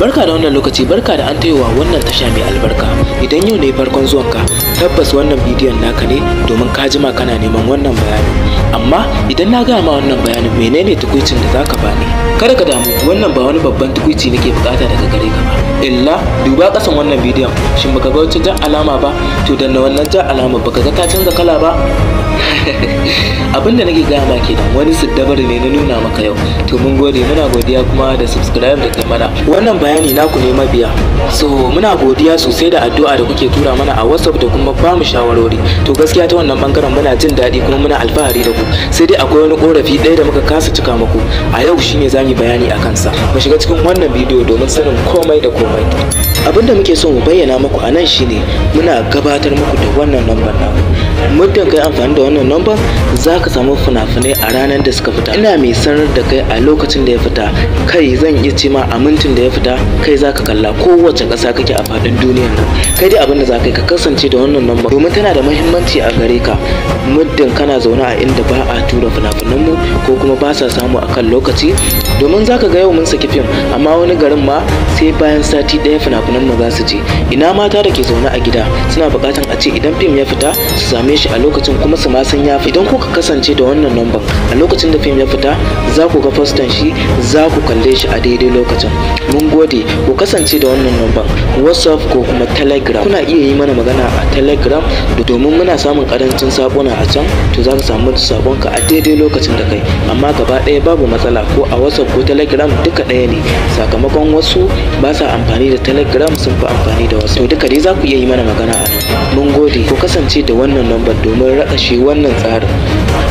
barka da wannan lokaci barka da an taiwa wannan tasha mai albarka idan yau ne farkon zuwanka tabbas wannan bidiyon naka ne domin ka jima kana neman wannan bayanin amma idan na gaya ma wannan bayanin menene tukuicin da zaka bani kada ka damu wannan ba wani babban tukuici ke bukata daga gare ka ba illa duba kasan wannan bidiyon shin baka ga wata jan alama ba to danna wannan jan alama baka ga ta canza kala ba abin da nake gaya maka kenan wani siddabar ne na nuna maka yau to mun gode muna godiya kuma da subscribe da kai mana wannan bayani naku ne mabiya so muna godiya sosai da addu'a da kuke tura mana a whatsapp da kuma ba mu shawarori to gaskiya ta wannan bangaren muna jin daɗi kuma muna alfahari da ku sai dai akwai wani korafi ɗaya da muka kasa cika muku a yau shine zamu mu bayani akan sa mu shiga cikin wannan bidiyo domin sanin komai da komai abin da muke son mu bayyana muku a nan shine muna gabatar muku da wannan lambar na muddin kai amfani da wannan lambar za ka samu fina-finai a ranar da suka fita ina mai sanar da kai a lokacin da ya fita kai zan iya ce ma a mintin da ya fita kai za ka kalla kowace ƙasa kake a fadin duniyar nan kai dai abin da za ka yi ka kasance da wannan lambar domin tana da muhimmanci a gare ka muddin kana zaune a inda ba a tura fina-finan mu ko kuma ba sa samu a kan lokaci domin za ka ga yau mun saki fim amma wani garin ma sai bayan sati ɗaya fina fina ma nan za su je ina mata da ke zaune a gida suna buƙatan a ce idan fim ya fita su same shi a lokacin kuma su ma san ya idan kuka kasance da wannan lambar a lokacin da fim ya fita za ku ga fastan shi za ku kalle shi a daidai lokacin mun gode ku kasance da wannan lambar whatsapp ko kuma telegram kuna iya yi mana magana a telegram domin muna samun karancin sabona a can to za ka samu sabonka a daidai lokacin da kai amma gaba ɗaya babu matsala ko a whatsapp ko telegram duka ɗaya ne sakamakon wasu ba sa amfani da telegram Instagram sun fi amfani da wasu duka dai za ku iya yi mana magana a nan mun gode ku kasance da wannan lambar domin raƙashe wannan tsarin